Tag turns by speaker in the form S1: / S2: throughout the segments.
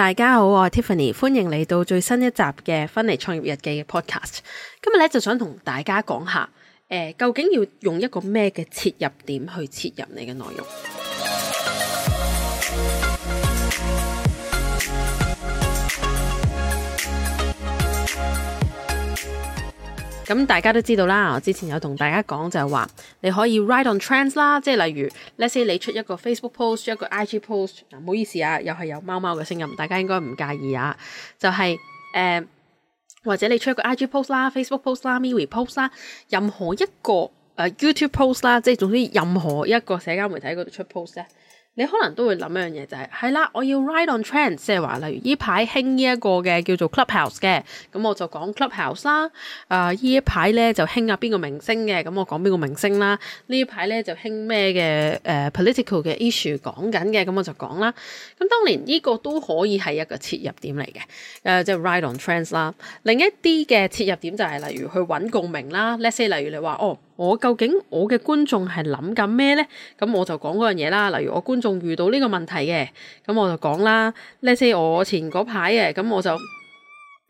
S1: 大家好，我係 Tiffany，歡迎嚟到最新一集嘅《Finnie 創業日記》嘅 Podcast。今日咧就想同大家講下，誒，究竟要用一個咩嘅切入點去切入你嘅內容？咁、嗯、大家都知道啦，我之前有同大家講就係話，你可以 write on trends 啦，即係例如，let's say 你出一個 Facebook post，一個 IG post，唔好意思啊，又係有貓貓嘅聲音，大家應該唔介意啊，就係、是、誒、呃，或者你出一個 IG post 啦，Facebook post 啦，MeWe post 啦，任何一個誒、呃、YouTube post 啦，即係總之任何一個社交媒體嗰度出 post 咧。你可能都會諗一樣嘢就係、是、係啦，我要 ride on trends，即係話例如依排興呢一個嘅叫做 clubhouse 嘅，咁我就講 clubhouse 啦。啊、呃，依一排咧就興啊邊個明星嘅，咁我講邊個明星啦。一呢一排咧就興咩嘅誒 political 嘅 issue 講緊嘅，咁我就講啦。咁當然呢個都可以係一個切入點嚟嘅，誒、呃、即係、就是、ride on trends 啦。另一啲嘅切入點就係、是、例如去揾共鳴啦。Let's say，例如你話哦。我究竟我嘅觀眾係諗緊咩咧？咁我就講嗰樣嘢啦。例如我觀眾遇到呢個問題嘅，咁我就講啦。呢啲我前嗰排嘅，咁我就。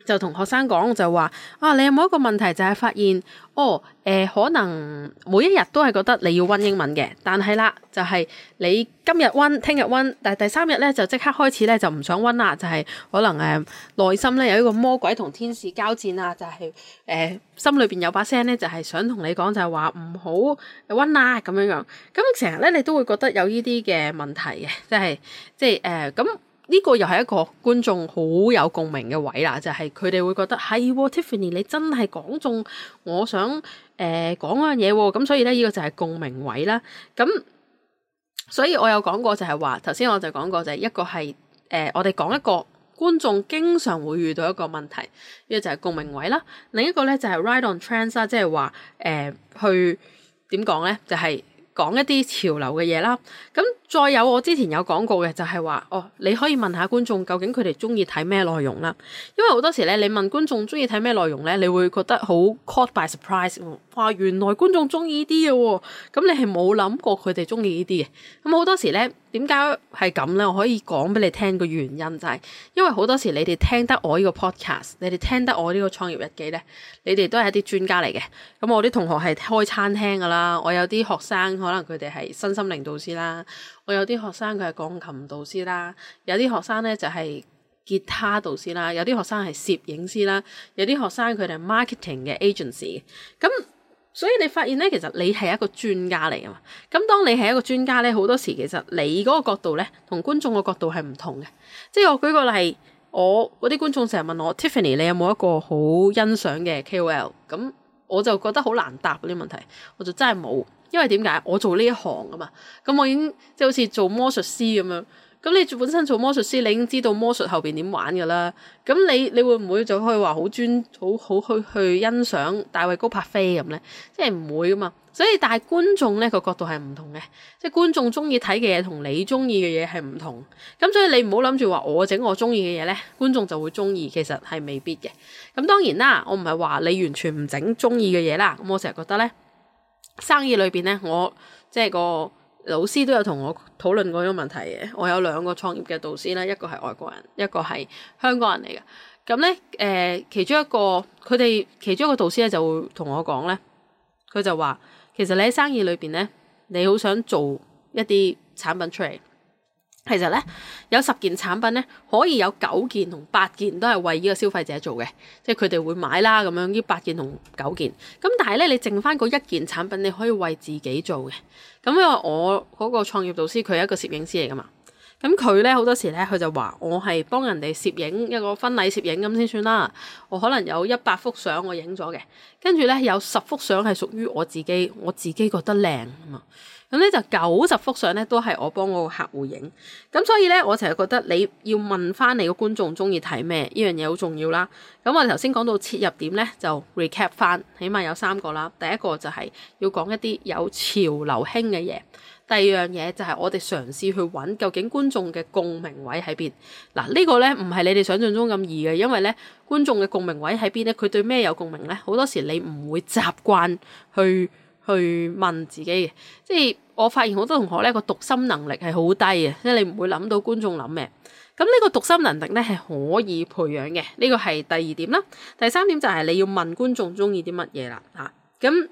S1: 就同學生講就話啊，你有冇一個問題就係發現哦？誒，可能每一日都係覺得你要温英文嘅，但係啦，就係你今日温，聽日温，但係第三日咧就即刻開始咧就唔想温啦，就係可能誒內心咧有一個魔鬼同天使交戰啊，就係誒心裏邊有把聲咧就係想同你講就係話唔好温啦咁樣樣。咁成日咧你都會覺得有呢啲嘅問題嘅，即係即係誒咁。呢個又係一個觀眾好有共鳴嘅位啦，就係佢哋會覺得係、哎、呦 Tiffany 你真係講中我想誒講樣嘢喎，咁、呃、所以呢，呢、呢個就係共鳴位啦。咁、嗯、所以我有講過就係話，頭先我就講過就係一個係誒、呃，我哋講一個觀眾經常會遇到一個問題，呢、呢個就係共鳴位啦。另一個、ride on trends，呃、呢，就係 ride on trends 啦，即係話誒去點講呢？就係。講一啲潮流嘅嘢啦，咁再有我之前有講過嘅就係話，哦，你可以問下觀眾究竟佢哋中意睇咩內容啦，因為好多時咧你問觀眾中意睇咩內容咧，你會覺得好 caught by surprise。話原來觀眾中意啲嘅，咁你係冇諗過佢哋中意呢啲嘅。咁好多時呢，點解係咁呢？我可以講俾你聽個原因就係，因為好多時你哋聽得我呢個 podcast，你哋聽得我呢個創業日記呢，你哋都係一啲專家嚟嘅。咁我啲同學係開餐廳噶啦，我有啲學生可能佢哋係身心靈導師啦，我有啲學生佢係鋼琴導師啦，有啲學生呢就係吉他導師啦，有啲學生係攝影師啦，有啲學生佢哋係 marketing 嘅 agency 咁。所以你發現咧，其實你係一個專家嚟噶嘛？咁當你係一個專家咧，好多時其實你嗰個角度咧，同觀眾個角度係唔同嘅。即係我舉個例，我嗰啲觀眾成日問我，Tiffany，你有冇一個好欣賞嘅 KOL？咁我就覺得好難答嗰啲問題。我就真係冇，因為點解？我做呢一行吖嘛，咁我已經即係好似做魔術師咁樣。咁你本身做魔術師，你已經知道魔術後邊點玩噶啦。咁你你會唔會就可以話好專好好去去欣賞大衛高柏菲咁呢？即係唔會噶嘛。所以但係觀眾呢個角度係唔同嘅，即係觀眾中意睇嘅嘢，同你中意嘅嘢係唔同。咁所以你唔好諗住話我整我中意嘅嘢呢，觀眾就會中意，其實係未必嘅。咁當然啦，我唔係話你完全唔整中意嘅嘢啦。咁我成日覺得呢，生意裏邊呢，我即係個。老師都有同我討論過呢個問題嘅，我有兩個創業嘅導師咧，一個係外國人，一個係香港人嚟嘅。咁咧，誒、呃，其中一個佢哋其中一個導師咧就會同我講咧，佢就話其實你喺生意裏邊咧，你好想做一啲產品出嚟。」其實咧有十件產品咧，可以有九件同八件都係為呢個消費者做嘅，即係佢哋會買啦咁樣呢八件同九件。咁但係咧，你剩翻嗰一件產品，你可以為自己做嘅。咁因為我嗰個創業導師佢係一個攝影師嚟噶嘛，咁佢咧好多時咧佢就話我係幫人哋攝影一個婚禮攝影咁先算啦。我可能有一百幅相我影咗嘅，跟住咧有十幅相係屬於我自己，我自己覺得靚啊嘛。咁咧就九十幅相咧都係我幫我個客戶影，咁所以咧我成日覺得你要問翻你個觀眾中意睇咩呢樣嘢好重要啦。咁我哋頭先講到切入點咧就 recap 翻，起碼有三個啦。第一個就係要講一啲有潮流興嘅嘢，第二樣嘢就係我哋嘗試去揾究竟觀眾嘅共鳴位喺邊。嗱、這個、呢個咧唔係你哋想象中咁易嘅，因為咧觀眾嘅共鳴位喺邊咧，佢對咩有共鳴咧？好多時你唔會習慣去。去問自己嘅，即係我發現好多同學咧個讀心能力係好低嘅，即係你唔會諗到觀眾諗咩。咁呢個讀心能力咧係可以培養嘅，呢個係第二點啦。第三點就係你要問觀眾中意啲乜嘢啦，吓，咁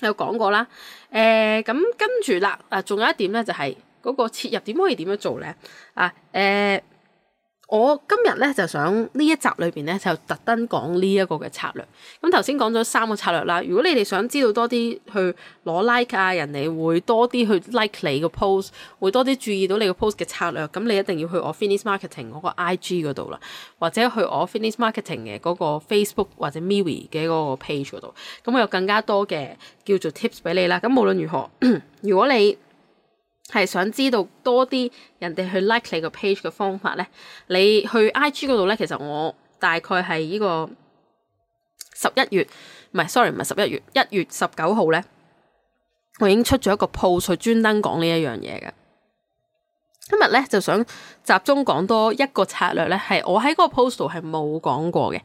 S1: 有講過啦，誒咁跟住啦，啊仲有一點咧就係嗰個切入點可以點樣做咧，啊、呃、誒。我今日咧就想呢一集裏邊咧就特登講呢一個嘅策略。咁頭先講咗三個策略啦。如果你哋想知道多啲去攞 like 啊，人哋會多啲去 like 你個 post，會多啲注意到你個 post 嘅策略。咁你一定要去我 Finnie's Marketing 嗰個 IG 嗰度啦，或者去我 Finnie's Marketing 嘅嗰個 Facebook 或者 MeWe 嘅嗰個 page 嗰度。咁我有更加多嘅叫做 tips 俾你啦。咁無論如何， 如果你係想知道多啲人哋去 like 你個 page 嘅方法呢？你去 IG 度呢，其實我大概係呢個十一月，唔係 sorry 唔係十一月一月十九號呢，我已經出咗一個 post 去專登講呢一樣嘢嘅。今日呢，就想集中講多一個策略呢係我喺嗰個 post 度係冇講過嘅，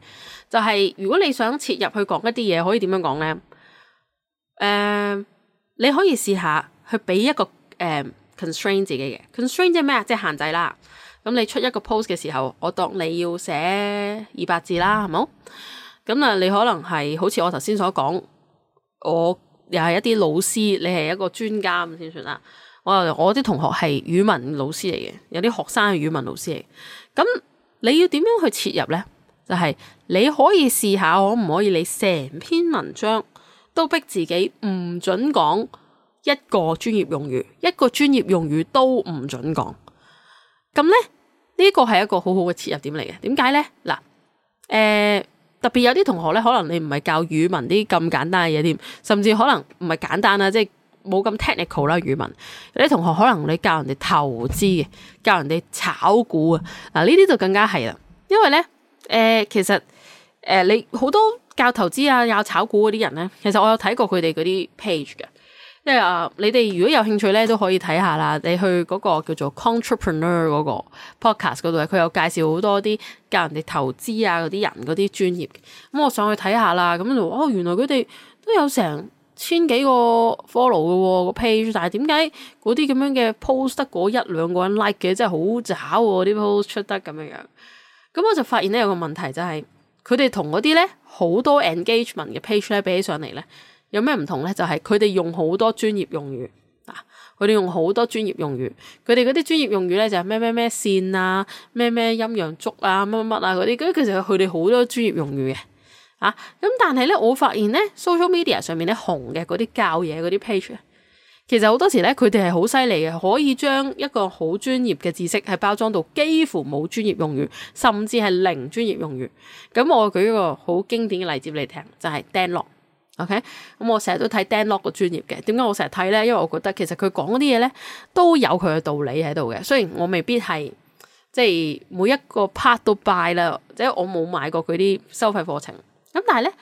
S1: 就係、是、如果你想切入去講一啲嘢，可以點樣講呢？誒、呃，你可以試下去俾一個。誒，um，constrain 自己嘅 constrain 即係咩啊？即係限制啦。咁你出一個 post 嘅時候，我當你要寫二百字啦，係冇？咁啊，你可能係好似我頭先所講，我又係一啲老師，你係一個專家咁先算啦。我我啲同學係語文老師嚟嘅，有啲學生係語文老師嚟。咁你要點樣去切入呢？就係，你可以試下，可唔可以你成篇文章都逼自己唔准講？一個專業用語，一個專業用語都唔准講。咁呢，呢個係一個好好嘅切入點嚟嘅。點解呢？嗱，誒，特別有啲同學呢，可能你唔係教語文啲咁簡單嘅嘢添，甚至可能唔係簡單啦，即係冇咁 technical 啦。語文有啲同學可能你教人哋投資嘅，教人哋炒股啊。嗱，呢啲就更加係啦。因為呢，誒，其實誒，你好多教投資啊、教炒股嗰啲人呢，其實我有睇過佢哋嗰啲 page 嘅。即係啊！你哋如果有興趣咧，都可以睇下啦。你去嗰個叫做 Contrepreneur 嗰個 podcast 嗰度，佢有介紹好多啲教人哋投資啊嗰啲人嗰啲專業。咁、嗯、我上去睇下啦，咁、嗯、就、哦、原來佢哋都有成千幾個 follow 嘅喎、啊、個 page，但係點解嗰啲咁樣嘅 post 得嗰一兩個人 like 嘅，真係好渣喎啲 post 出得咁樣樣。咁、嗯、我就發現咧有個問題就係、是，佢哋同嗰啲咧好多 engagement 嘅 page 咧比起上嚟咧。有咩唔同呢？就係佢哋用好多專業用語啊！佢哋用好多專業用語，佢哋嗰啲專業用語呢，語就係咩咩咩線啊，咩咩陰陽燭啊，乜乜乜啊嗰啲。咁其實佢哋好多專業用語嘅咁、啊、但係呢，我發現呢 social media 上面啲紅嘅嗰啲教嘢嗰啲 page，其實好多時呢，佢哋係好犀利嘅，可以將一個好專業嘅知識係包裝到幾乎冇專業用語，甚至係零專業用語。咁我舉一個好經典嘅例子嚟聽，就係、Dan Lok OK，咁我成日都睇 Dan Lok 個專業嘅，點解我成日睇咧？因為我覺得其實佢講嗰啲嘢咧都有佢嘅道理喺度嘅，雖然我未必係即係每一個 part 都 buy 啦，即係我冇買過佢啲收費課程。咁但係咧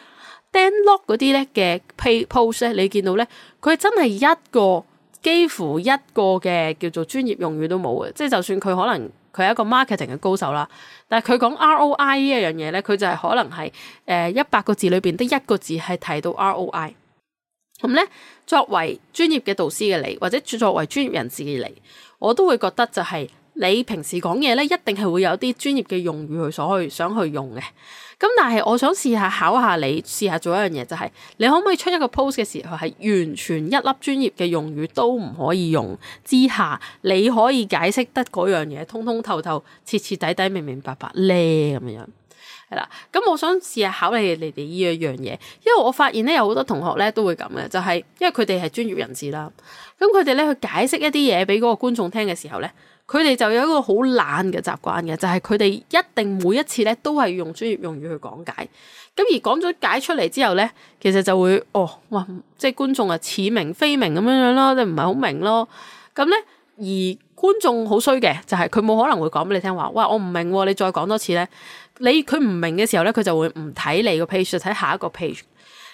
S1: Dan Lok 嗰啲咧嘅 page post 咧，你見到咧，佢真係一個幾乎一個嘅叫做專業用語都冇嘅，即係就算佢可能。佢係一個 marketing 嘅高手啦，但係佢講 ROI 呢一樣嘢咧，佢就係可能係誒一百個字裏邊得一個字係提到 ROI。咁咧，作為專業嘅導師嘅你，或者作為專業人士嘅你，我都會覺得就係。你平時講嘢咧，一定係會有啲專業嘅用語去所去想去用嘅。咁但係我想試下考下你，試下做一樣嘢就係，你可唔可以出一個 post 嘅時候係完全一粒專業嘅用語都唔可以用之下，你可以解釋得嗰樣嘢通通透透、徹徹底底、明明白白咧咁樣。係啦，咁我想試下考你哋哋呢一樣嘢，因為我發現咧有好多同學咧都會咁嘅，就係因為佢哋係專業人士啦。咁佢哋咧去解釋一啲嘢俾嗰個觀眾聽嘅時候咧，佢哋就有一個好懶嘅習慣嘅，就係佢哋一定每一次咧都係用專業用語去講解。咁而講咗解出嚟之後咧，其實就會哦，哇，即係觀眾啊似明非明咁樣樣咯，你唔係好明咯。咁咧而觀眾好衰嘅就係佢冇可能會講俾你聽話，喂，我唔明喎，你再講多次咧。你佢唔明嘅時候咧，佢就會唔睇你個 page，睇下一個 page。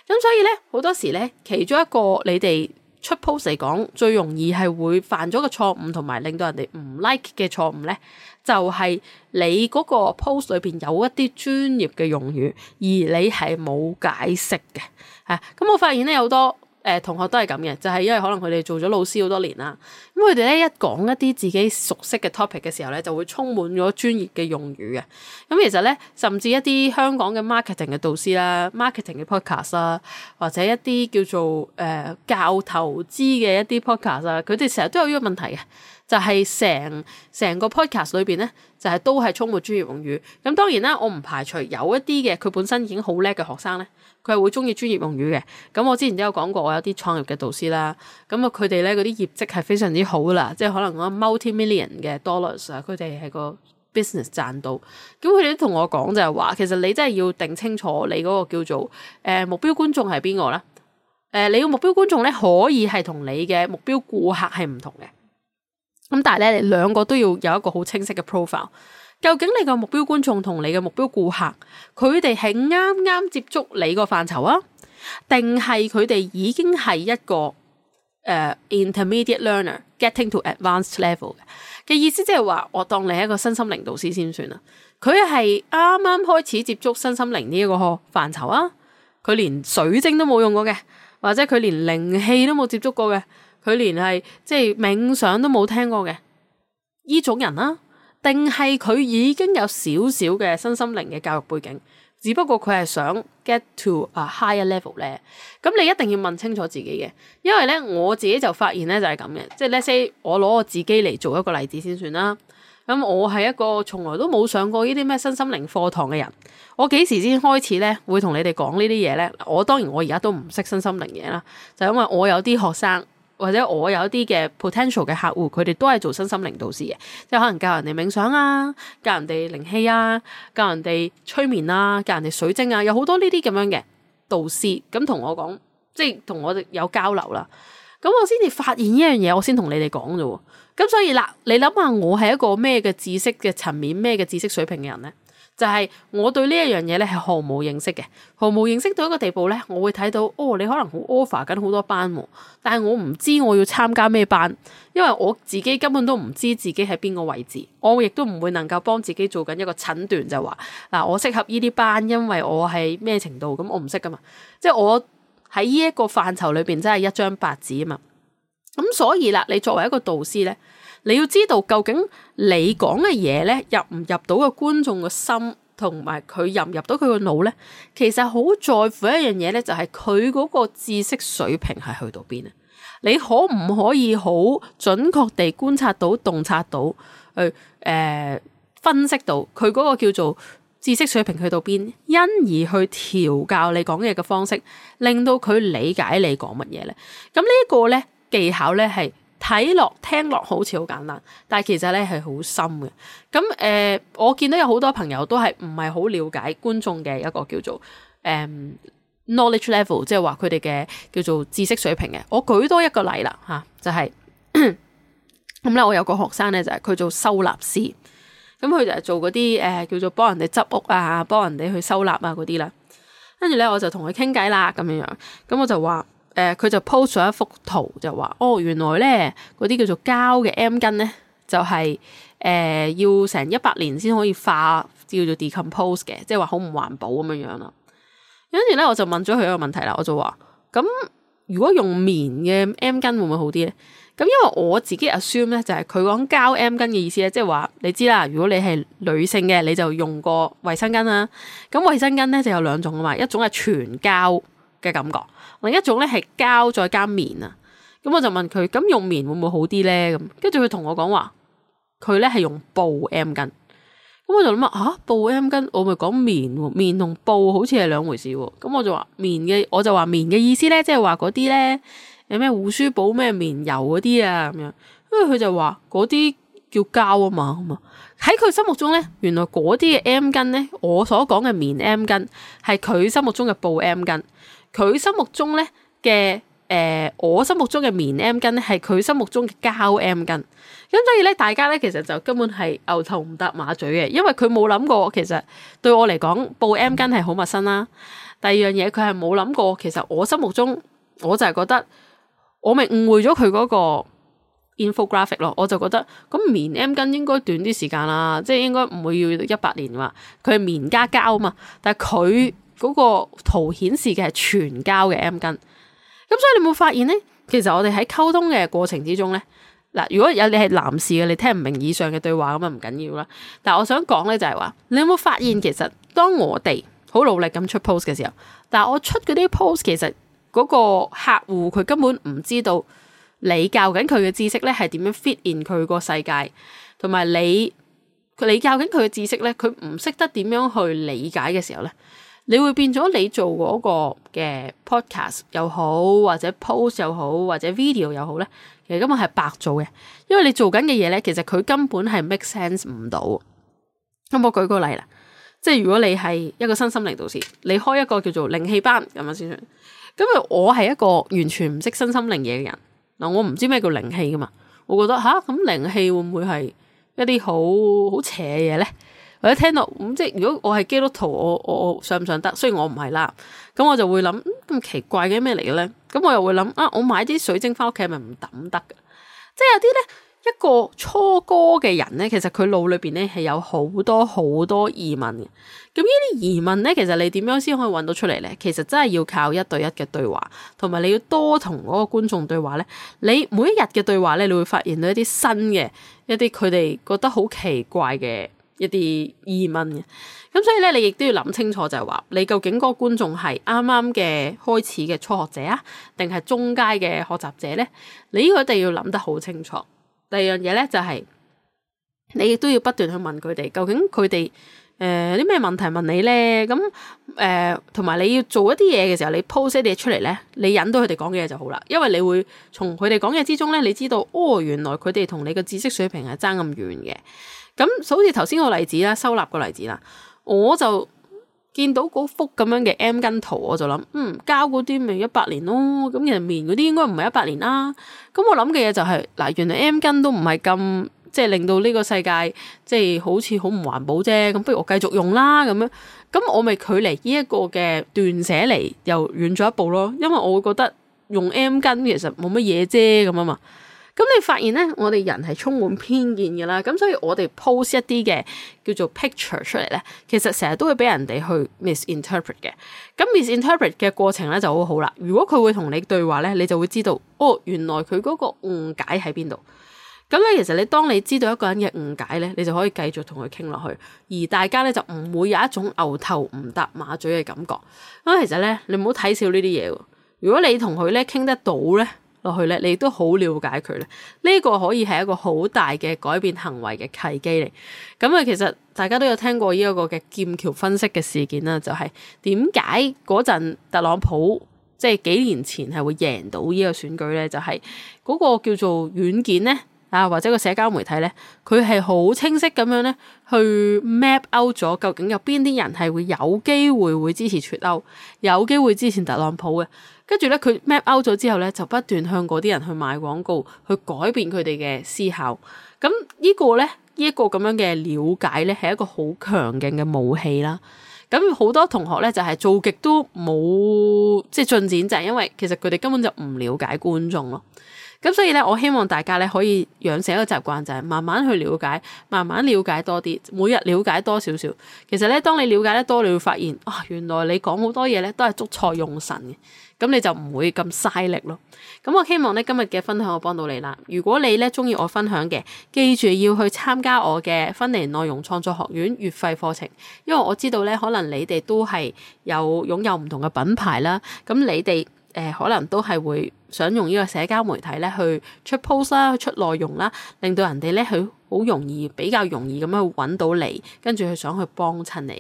S1: 咁所以咧，好多時咧，其中一個你哋出 post 嚟講，最容易係會犯咗個錯誤，同埋令到人哋唔 like 嘅錯誤咧，就係你嗰個 post 裏邊有一啲專業嘅用語，而你係冇解釋嘅。啊，咁我發現咧有好多。誒、呃、同學都係咁嘅，就係、是、因為可能佢哋做咗老師好多年啦，咁佢哋咧一講一啲自己熟悉嘅 topic 嘅時候咧，就會充滿咗專業嘅用語嘅。咁、嗯、其實咧，甚至一啲香港嘅 marketing 嘅導師啦，marketing 嘅 podcast 啦，podcast，或者一啲叫做誒、呃、教投資嘅一啲 podcast 啊，佢哋成日都有呢個問題嘅。就係成成個 podcast 裏邊咧，就係、是、都係充滿專業用語。咁當然啦，我唔排除有一啲嘅佢本身已經好叻嘅學生咧，佢係會中意專業用語嘅。咁我之前都有講過，我有啲創業嘅導師啦。咁啊，佢哋咧嗰啲業績係非常之好啦，即係可能嗰 multimillion 嘅 dollars 啊，佢哋係個 business 賺到。咁佢哋都同我講就係話，其實你真係要定清楚你嗰個叫做誒、呃、目標觀眾係邊個啦。誒、呃，你嘅目標觀眾咧可以係同你嘅目標顧客係唔同嘅。咁但係咧，你兩個都要有一個好清晰嘅 profile。究竟你個目標觀眾同你嘅目標顧客，佢哋係啱啱接觸你個範疇啊，定係佢哋已經係一個、uh, intermediate learner getting to advanced level 嘅？嘅意思即係話，我當你係一個身心靈導師先算啦。佢係啱啱開始接觸身心靈呢一個範疇啊，佢連水晶都冇用過嘅，或者佢連靈氣都冇接觸過嘅。佢連係即係冥想都冇聽過嘅呢種人啦，啊，定係佢已經有少少嘅身心靈嘅教育背景，只不過佢係想 get to a higher level 咧。咁你一定要問清楚自己嘅，因為咧我自己就發現咧就係咁嘅，即係 let’s say 我攞我自己嚟做一個例子先算啦。咁我係一個從來都冇上過呢啲咩身心靈課堂嘅人，我幾時先開始咧會同你哋講呢啲嘢咧？我當然我而家都唔識身心靈嘢啦，就因為我有啲學生。或者我有一啲嘅 potential 嘅客戶，佢哋都係做身心靈導師嘅，即係可能教人哋冥想啊，教人哋靈氣啊，教人哋催眠啊、教人哋水晶啊，有好多呢啲咁樣嘅導師，咁同我講，即係同我哋有交流啦，咁我先至發現呢樣嘢，我先同你哋講啫，咁所以啦，你諗下我係一個咩嘅知識嘅層面，咩嘅知識水平嘅人咧？就係我對呢一樣嘢咧係毫無認識嘅，毫無認識到一個地步咧，我會睇到哦，你可能好 offer 緊好多班啊，但係我唔知我要參加咩班，因為我自己根本都唔知自己喺邊個位置，我亦都唔會能夠幫自己做緊一個診斷就話，嗱、啊、我適合呢啲班，因為我係咩程度，咁、嗯、我唔識噶嘛，即係我喺呢一個範疇裏邊真係一張白紙啊嘛，咁、嗯、所以啦，你作為一個導師咧。你要知道究竟你講嘅嘢咧入唔入到個觀眾個心，同埋佢入唔入到佢個腦咧？其實好在乎一樣嘢咧，就係佢嗰個知識水平係去到邊啊！你可唔可以好準確地觀察到、洞察到、去誒、呃、分析到佢嗰個叫做知識水平去到邊，因而去調教你講嘢嘅方式，令到佢理解你講乜嘢咧？咁呢一個咧技巧咧係。睇落聽落好似好簡單，但係其實咧係好深嘅。咁誒、呃，我見到有好多朋友都係唔係好了解觀眾嘅一個叫做誒、呃、knowledge level，即係話佢哋嘅叫做知識水平嘅。我舉多一個例啦嚇、啊，就係咁咧。我有個學生咧就係、是、佢做收納師，咁、嗯、佢就係做嗰啲誒叫做幫人哋執屋啊，幫人哋去收納啊嗰啲啦。跟住咧我就同佢傾偈啦，咁樣樣。咁我就話。誒，佢、呃、就 post 咗一幅圖，就話哦，原來咧嗰啲叫做膠嘅 M 巾咧，就係、是、誒、呃、要成一百年先可以化叫做 decompose 嘅，即係話好唔環保咁樣樣啦。跟住咧，我就問咗佢一個問題啦，我就話，咁、嗯、如果用棉嘅 M 巾會唔會好啲咧？咁、嗯、因為我自己 assume 咧，就係佢講膠 M 巾嘅意思咧，即係話你知啦，如果你係女性嘅，你就用過衛生巾啦。咁、嗯、衛生巾咧就有兩種啊嘛，一種係全膠嘅感覺，另一種咧係膠再加棉啊。咁、嗯、我就問佢，咁、嗯、用棉會唔會好啲咧？咁跟住佢同我講話，佢咧係用布 M 巾。咁、嗯、我就諗啊，布 M 巾，我咪講棉，棉同布好似係兩回事，啊。咁我就話棉嘅，我就話棉嘅意思咧，即係話嗰啲咧有咩護舒寶咩棉油嗰啲啊，咁樣。因為佢就話嗰啲叫膠啊嘛。咁啊喺佢心目中咧，原來嗰啲嘅 M 巾咧，我所講嘅棉 M 巾，係佢心目中嘅布 M 巾。佢心目中咧嘅，誒、呃，我心目中嘅棉 M 巾，咧，係佢心目中嘅膠 M 巾。咁所以咧，大家咧其實就根本係牛頭唔搭馬嘴嘅，因為佢冇諗過其實對我嚟講，布 M 巾係好陌生啦。第二樣嘢，佢係冇諗過其實我心目中，我就係覺得我咪誤會咗佢嗰個 infographic 咯，我就覺得咁棉 M 巾應該短啲時間啦，即係應該唔會要一百年嘛。佢係棉加膠啊嘛，但係佢。嗰個圖顯示嘅係全膠嘅 M 巾，咁所以你有冇發現呢？其實我哋喺溝通嘅過程之中呢，嗱，如果有你係男士嘅，你聽唔明以上嘅對話咁啊，唔緊要啦。但係我想講呢，就係話你有冇發現，其實當我哋好努力咁出 post 嘅時候，但係我出嗰啲 post，其實嗰個客戶佢根本唔知道你教緊佢嘅知識呢係點樣 fit in 佢個世界，同埋你你教緊佢嘅知識呢，佢唔識得點樣去理解嘅時候呢。你會變咗你做嗰個嘅 podcast 又好，或者 post 又好，或者 video 又好咧，其實根本係白做嘅，因為你做緊嘅嘢咧，其實佢根本係 make sense 唔到。咁我舉個例啦，即係如果你係一個身心靈導師，你開一個叫做靈氣班咁樣先算，咁啊我係一個完全唔識身心靈嘢嘅人，嗱我唔知咩叫靈氣噶嘛，我覺得吓咁靈氣會唔會係一啲好好邪嘅嘢咧？我一聽到咁即係，如果我係基督徒，我我我，我上唔上得？雖然我唔係啦，咁我就會諗咁、嗯、奇怪嘅咩嚟嘅咧？咁我又會諗啊！我買啲水晶返屋企係咪唔抌得嘅？即係有啲咧，一個初哥嘅人咧，其實佢腦裏邊咧係有好多好多疑問嘅。咁呢啲疑問咧，其實你點樣先可以揾到出嚟咧？其實真係要靠一對一嘅對話，同埋你要多同嗰個觀眾對話咧。你每一日嘅對話咧，你會發現到一啲新嘅，一啲佢哋覺得好奇怪嘅。一啲疑問嘅，咁所以咧，你亦都要諗清楚就，就係話你究竟個觀眾係啱啱嘅開始嘅初學者啊，定係中階嘅學習者咧？你呢個一定要諗得好清楚。第二樣嘢咧，就係、是、你亦都要不斷去問佢哋，究竟佢哋誒啲咩問題問你咧？咁誒，同、呃、埋你要做一啲嘢嘅時候，你 post 一啲嘢出嚟咧，你引到佢哋講嘅嘢就好啦。因為你會從佢哋講嘢之中咧，你知道哦，原來佢哋同你嘅知識水平係爭咁遠嘅。咁好似頭先個例子啦，收納個例子啦，我就見到嗰幅咁樣嘅 M 巾圖，我就諗，嗯，膠嗰啲咪一百年咯，咁其實棉嗰啲應該唔係一百年啦。咁我諗嘅嘢就係，嗱，原來 M 巾都唔係咁，即係令到呢個世界即係好似好唔環保啫。咁不如我繼續用啦，咁樣，咁我咪距離呢一個嘅斷捨離又遠咗一步咯。因為我會覺得用 M 巾其實冇乜嘢啫，咁啊嘛。咁你發現咧，我哋人係充滿偏見嘅啦。咁所以我哋 post 一啲嘅叫做 picture 出嚟咧，其實成日都會俾人哋去 misinterpret 嘅。咁 misinterpret 嘅過程咧就好好啦。如果佢會同你對話咧，你就會知道哦，原來佢嗰個誤解喺邊度。咁咧，其實你當你知道一個人嘅誤解咧，你就可以繼續同佢傾落去，而大家咧就唔會有一種牛頭唔搭馬嘴嘅感覺。咁其實咧，你唔好睇小呢啲嘢。如果你同佢咧傾得到咧。落去咧，你都好了解佢咧。呢、這個可以係一個好大嘅改變行為嘅契機嚟。咁、嗯、啊，其實大家都有聽過呢一個嘅劍橋分析嘅事件啦，就係點解嗰陣特朗普即係幾年前係會贏到呢個選舉呢？就係、是，嗰個叫做軟件呢，啊，或者個社交媒體呢，佢係好清晰咁樣咧去 map out 咗究竟有邊啲人係會有機會會支持脫歐，有機會支持特朗普嘅。跟住咧，佢 map out 咗之後咧，就不斷向嗰啲人去買廣告，去改變佢哋嘅思考。咁呢個咧，呢一個咁樣嘅了解咧，係一個好強勁嘅武器啦。咁好多同學咧，就係做極都冇即係進展，就係因為其實佢哋根本就唔了解觀眾咯。咁所以咧，我希望大家咧可以養成一個習慣，就係慢慢去了解，慢慢了解多啲，每日了解多少少。其實咧，當你了解得多，你會發現啊，原來你講好多嘢咧，都係捉錯用神嘅。咁你就唔會咁嘥力咯。咁我希望咧今日嘅分享我幫到你啦。如果你咧中意我分享嘅，記住要去參加我嘅分年內容創作學院月費課程。因為我知道咧，可能你哋都係有擁有唔同嘅品牌啦。咁你哋誒、呃，可能都係會想用呢個社交媒體咧去出 post 啦、去出內容啦，令到人哋咧去。好容易，比較容易咁樣揾到你，跟住佢想去幫襯你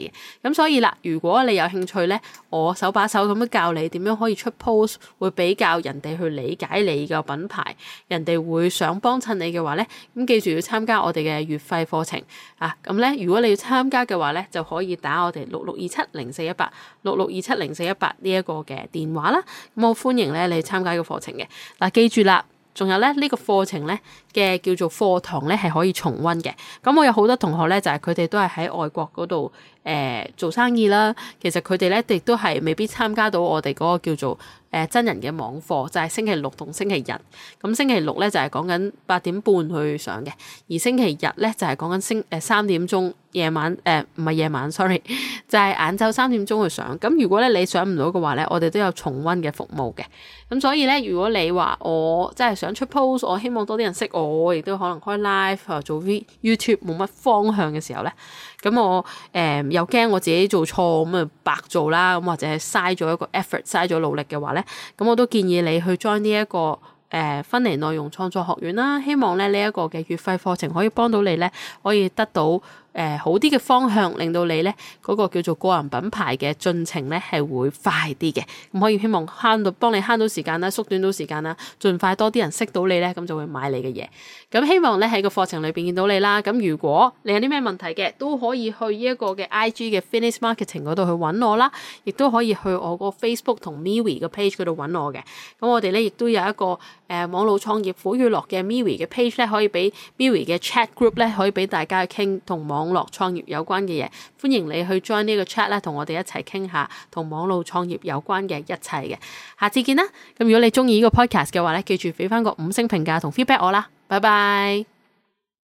S1: 嘅。咁所以啦，如果你有興趣呢，我手把手咁樣教你點樣可以出 post，會比較人哋去理解你個品牌，人哋會想幫襯你嘅話呢，咁記住要參加我哋嘅月費課程啊。咁呢，如果你要參加嘅話呢，就可以打我哋六六二七零四一八六六二七零四一八呢一個嘅電話啦。咁我歡迎咧你參加個課程嘅。嗱，啊，記住啦。仲有咧，呢個課程咧嘅叫做課堂咧，係可以重溫嘅。咁我有好多同學咧，就係佢哋都係喺外國嗰度誒做生意啦。其實佢哋咧亦都係未必參加到我哋嗰個叫做。誒真人嘅網課就係、是、星期六同星期日，咁星期六咧就係講緊八點半去上嘅，而星期日咧就係講緊星誒三點鐘，夜晚，誒唔係夜晚，sorry，就係晏晝三點鐘去上。咁如果咧你上唔到嘅話咧，我哋都有重溫嘅服務嘅。咁所以咧，如果你話我真係想出 post，我希望多啲人識我，我亦都可能開 live 做 V YouTube 冇乜方向嘅時候咧。咁我誒、呃、又驚我自己做錯咁啊白做啦，咁或者嘥咗一個 effort，嘥咗努力嘅話咧，咁我都建議你去 join 呢一個誒、呃、Finnie's 內容創作學院啦，希望咧呢一、這個嘅月費課程可以幫到你咧，可以得到。誒、呃、好啲嘅方向，令到你呢，嗰、那個叫做個人品牌嘅進程呢，係會快啲嘅，咁可以希望慳到幫你慳到時間啦，縮短到時間啦，盡快多啲人識到你呢，咁就會買你嘅嘢。咁希望呢，喺個課程裏邊見到你啦。咁如果你有啲咩問題嘅，都可以去呢一個嘅 IG 嘅 Finnies Marketing 度去揾我啦，亦都可以去我個 Facebook 同 MeWe 嘅 page 度揾我嘅。咁我哋呢，亦都有一個誒、呃、網路創業苦與樂嘅 MeWe 嘅 page 呢，可以俾 MeWe 嘅 chat group 呢，可以俾大家去傾同網。網絡創業有關嘅嘢，歡迎你去 join 呢個 chat 啦，同我哋一齊傾下同網絡創業有關嘅一切嘅。下次見啦！咁如果你中意呢個 podcast 嘅話咧，記住俾翻個五星評價同 feedback 我啦。拜拜。